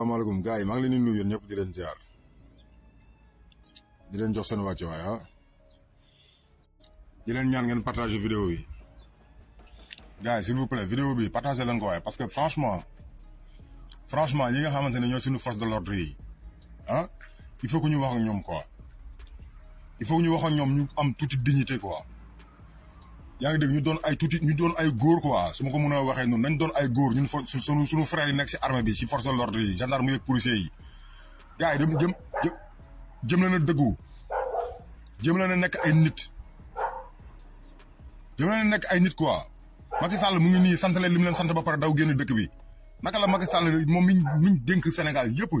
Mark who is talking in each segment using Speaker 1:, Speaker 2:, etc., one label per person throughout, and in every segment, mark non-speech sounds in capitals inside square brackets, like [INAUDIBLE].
Speaker 1: asalaamaaleykum gars yi ngi leen di nuyu yéen di leen ziar di leen jox seen wacce way ha ah. di leen ñaan ngeen partager vidéo bi gars s'il vous plaît vidéo bi partager leen ko way parce que franchement franchement ñi nga xamante ñoo suñu force de l'ordre yi ha ah, il faut que ñu wax ak ñom quoi il faut que ñu wax ak ñom ñu am toute dignité quoi yaa ngi dégg ñu doon ay tuuti ñu doon ay góor quoi su ma ko mën waxee noonu nañ doon ay góor ñun for sunu suñu frère yi nekk si armée bi si force de l'ordre yi gendarme yi ak jëm jëm jëm leen a dëggu jëm leen a nekk ay nit jëm leen a ay nit quoi Macky Sall mu nii sant leen li mu leen ba pare daw génn dëkk bi naka la Sall moom miñ miñ dénk Sénégal yëpp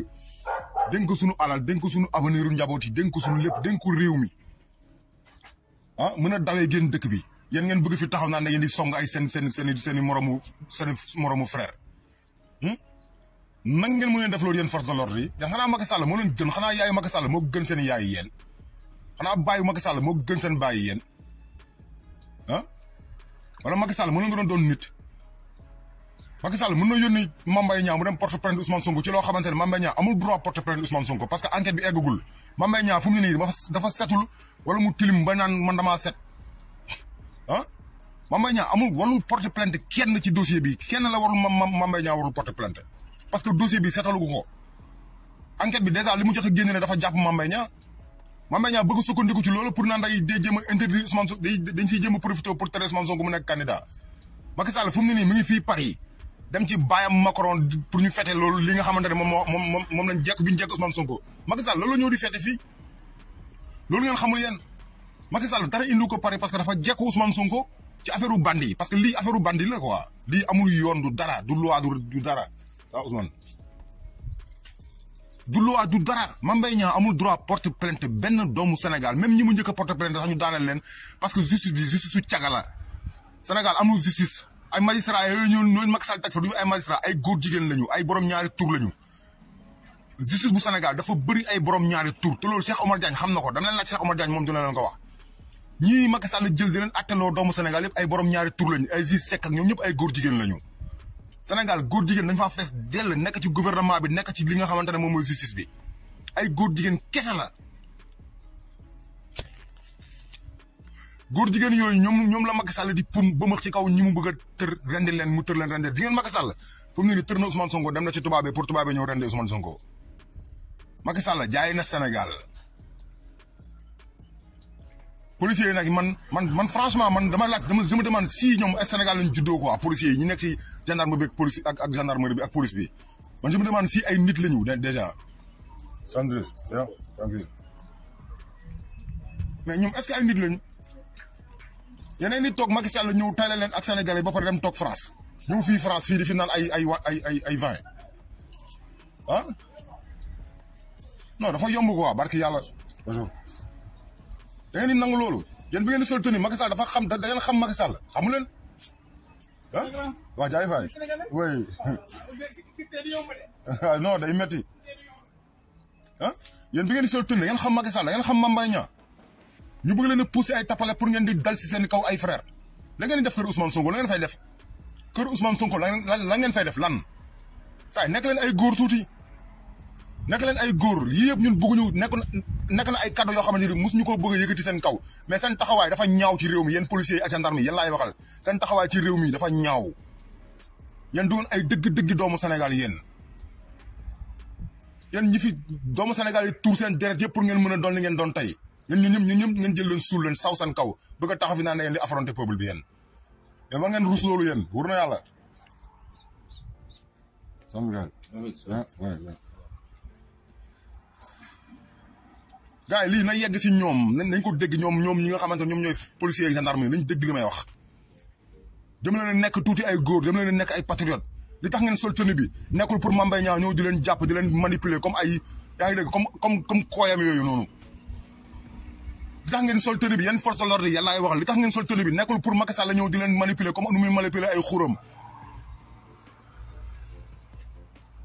Speaker 1: dénk ko suñu alal dénk ko suñu avenir njaboot yi dénk ko suñu lépp dénk ko réew mi ah mën a dawee génn dëkk bi yeen ngeen bëgg fi taxaw naan da ngeen di song ay seen seen seen seen moromu seen moromu frère hmm? nang ngeen mëneen def lool yeen force de l'ordre yi xana Macky Sall mo leen gën xana yaay Macky Sall mo gën seen yaay yeen xana baay Macky Sall mo gën seen baay yeen ah wala Macky Sall mo nga doon doon nit Macky Sall mën yoni Mambay Niang mu dem porte prendre Ousmane Sonko ci lo xamantene Mambay Niang amul droit porte prendre Ousmane Sonko parce que enquête bi éggul Mambay Niang fu mu ni dafa setul wala mu tilim ba nan man dama set Mame Mbaye amul warul porte plainte kenn ci dossier bi kenn la warul Mame Mbaye Niang warul porte plainte parce que dossier bi seetalu ko enquête bi dèjà li mu jot a génne dafa jàpp Mame Mbaye Niang Mame Mbaye Niang ci loolu pour naan day day jéem a interdire Ousmane Sonko dañ siy jéem a profité pour tere Ousmane Sonko mu nekk candidat Macky Sall fu mu ne pour ñu fete loolu li nga xamante ne moom moom moom lañ jekk bi ñu jekk Ousmane Sonko Macky Sall loolu ñëw di fete loolu ngeen xamul yéen Macky Sall dara indi ko Paris parce que dafa jekk Ousmane Sonko ci affaireu bandi parce que li affaireu bandi la quoi li amul yoon du dara du loi du du dara ça ah, Ousmane du loi du dara Mame Mbaye Niang amul droit porte plainte ben doomu Sénégal même ñi mu ñëk a porte plainte sax ñu daaneel leen parce que justice bi justice su caga la Sénégal amul justice ay magistrat ay ñu ñu mak sal teg fa du ay magistrat ay goor jigen lañu ay borom ñaari tour lañu justice bu Sénégal dafa bëri ay borom ñaari tour te lool Cheikh Omar Diagne xamna ko dañ leen la Cheikh Omar Diagne mom du leen ko wax ñii maka Sall jël di leen atteloo doomu Sénégal yëpp ay borom ñaari tur lañu ay Aziz Seck ak ñoom ñëpp ay góor jigéen lañu. Sénégal góor jigéen dañ faa fees dell nekk ci gouvernement bi nekk ci li nga xamante ne moom mooy justice bi ay góor jigéen kese la. góor jigéen yooyu ñoom ñoom la Macky Sall di pun bëmëx ci kaw ñi mu bëgg a tër rendi leen mu tër leen rendi di ngeen Macky Sall fu mu ne nii tër na Ousmane Sonko dem na ci tubaab bi pour tubaab bi ñëw rendi Ousmane Sonko Macky na Sénégal. policiers yi nag man man man franchement man dama laaj dama je me demande si ñoom Sénégal lañ juddoo quoi policiers yi ñu nekk si gendarme bi ak police ak ak gendarmerie bi ak police bi man je me si ay nit la ñu déjà. Sandrine bien tranquille mais ñoom est-ce que ay nit lañu yeneen nit toog Macky Sall ñëw tayle leen ak Sénégalais ba pare dem toog France ñëw fii France fii di fi nal ay ay ay ay ay vin ah non dafa yomb quoi barki yàlla da ngeen di nangu loolu yéen bi ngeen di sol tenue Macky Sall dafa xam da ngeen xam Macky Sall xamu leen ah waa jaay faay oui ah, [LAUGHS] ah, non day metti ah yéen bi ngeen di sol tenue da ngeen xam Macky Sall ngeen xam ñu bëgg leen pousser ay pour ngeen di dal si seen kaw ay frère la ngeen def kër Ousmane Sonko la ngeen fay def kër Ousmane Sonko la ngeen fay def lan say, nekk leen ay góor nek leen ay gor yeb ñun bëggu ñu nekk nek na ay cadeau yo xamante musu ñuko bëgg yëkëti seen kaw mais seen taxaway dafa ñaaw ci réew mi yeen policier ak gendarme yeen lay waxal seen taxaway ci réew mi dafa ñaaw yeen duun ay dëgg-dëgg doomu Sénégal yeen yeen ñi fi doomu Sénégal yi tour seen deret yëpp pour ngeen mëna doon li ngeen doon tay ñun ñu ñëpp ñu ñëpp ngeen jël leen sul leen saw seen kaw bëgg tax fi naan na yéen di affronter peuple bi yeen yeen war ngeen rus lolu yeen ruus loolu yéen wur ouais ouais gars yi lii na yegg si ñoom nañ ko dégg ñoom ñoom ñi nga xamante ñoom ñooy policiers ak gendarme yi nañ dégg li may wax. dem nekk tuuti ay góor dem leen nekk ay patriote li tax ngeen sol tenue bi nekkul pour Mame Mbaye Niang ñëw di leen jàpp di leen manipuler comme ay yaa ngi dégg comme comme comme kooyam bi yan force de l'ordre yi wax li tax ngeen sol tenue bi nekkul pour Macky Sall ñëw di leen manipuler comme nu muy manipuler ay xuram.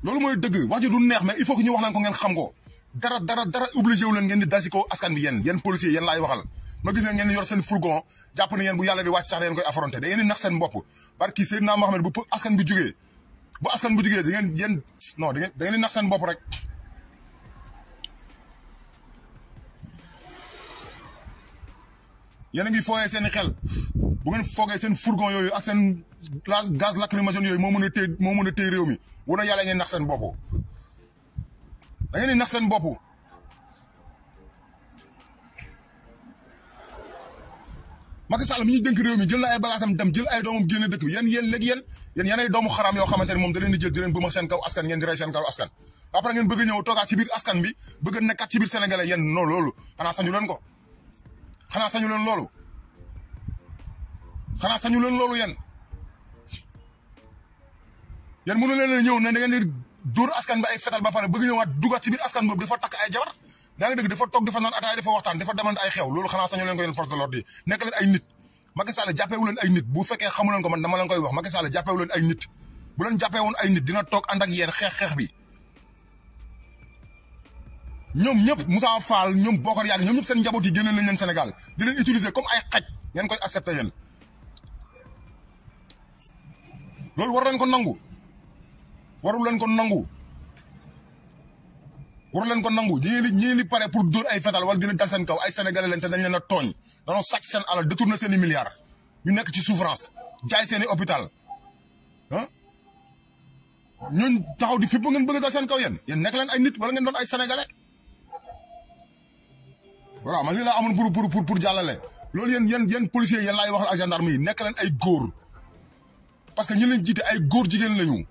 Speaker 1: loolu mooy dëgg wax ji du neex mais il faut que ñu wax nañ ko ngeen xam ko. dara dara dara obligé wu leen ngeen di dal si kaw askan bi yéen yéen policiers yéen laay waxal ma gis ne ngeen yor seen fourgon jàpp ne yéen bu yàlla di wàcc sax da ngeen koy affronté da ngeen di nax seen bopp barki Seydina Mohamed bu askan bi jugee bu askan bu jugee da ngeen yéen non ngeen di nax seen bopp rek yéen a ngi fooyee seen xel bu ngeen foogee seen fourgon yooyu ak seen gaz lacrymogène yooyu moo mën a téye moo mën a téye réew mi wala yàlla ngeen nax seen bopp da ni di nax salam ini Macky Sall mi ñu jil réew mi jël na ay bagaasam dem jël ay doomam génne dëkk bi yéen yéen léegi doomu xaram di jël di leen bëma askan ngeen di rey kau askan Apa ngeen bëgg a ñëw askan bi bëgg a cibir ci biir sénégalais no non karena xanaa sañu leen ko xanaa sañu leen loolu xanaa sañu leen loolu yéen yéen mënu leen ñëw dur askan ba ay fetal ba pare bëgg ñu wat dugaat ci bir askan boobu dafa tak ay jabar da nga dégg dafa tok dafa naan ataay dafa waxtaan dafa demand ay xew loolu xanaa sañu leen ko yeen force de l'ordre nek leen ay nit Macky Sall jappé wu leen ay nit bu fekkee xamu leen ko man dama leen koy wax Macky Sall jappé wu leen ay nit bu leen jappé won ay nit dina tok and ak yeen xex xex bi ñom ñep Moussa Fall ñom Bokar Yàgg ñom ñep seen njaboot yi génne nañ leen Sénégal di leen utiliser comme ay xaj ngeen koy accepter yeen loolu war nañ ko nangu waru len ko nangu waru len ko nangu ñi li ñi li pare pour dóor ay fétal wala dina dal sen kaw ay sénégalais lañ té dañ leena togn da no sax sen alal détourné sen i milliards ñu nek ci souffrance jaay sen hôpital hein ñun taxaw di fipp ngeen bëgg dal sen kaw yeen yeen nek leen ay nit wala ngeen doon ay sénégalais wala man lii laa amoon pour pour pour pour jàllale loolu yeen yeen yéen policiers yéen laay waxal ak gendarme yi nekk ay gor parce que ñi leen jité ay gor jigen lañu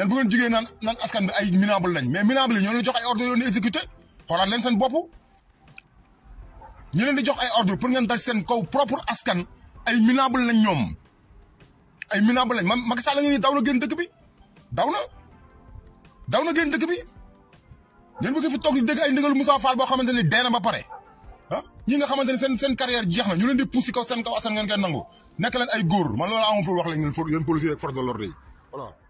Speaker 1: yéen bu ngeen jige nan nan askan bi ay minable lañ mais minable ñoo leen jox ay ordre yoo leen exécuté xoolaat leen seen bop ñu leen di jox ay ordre pour ngeen dal seen kaw propre askan ay minable lañ ñom ay minable lañ man Macky Sall la ngeen daw na génn dëkk bi daw na daw na bi ñeen bu ngeen fi tok di ay ndigalu Moussa Fall bo xamanteni ni ba pare ah ñi nga xamanteni seen seen carrière jeex na ñu leen di pousser kaw seen kaw asan ngeen koy nangu nek leen ay góor man loolu amul pour wax leen ngeen for ak force de l'ordre voilà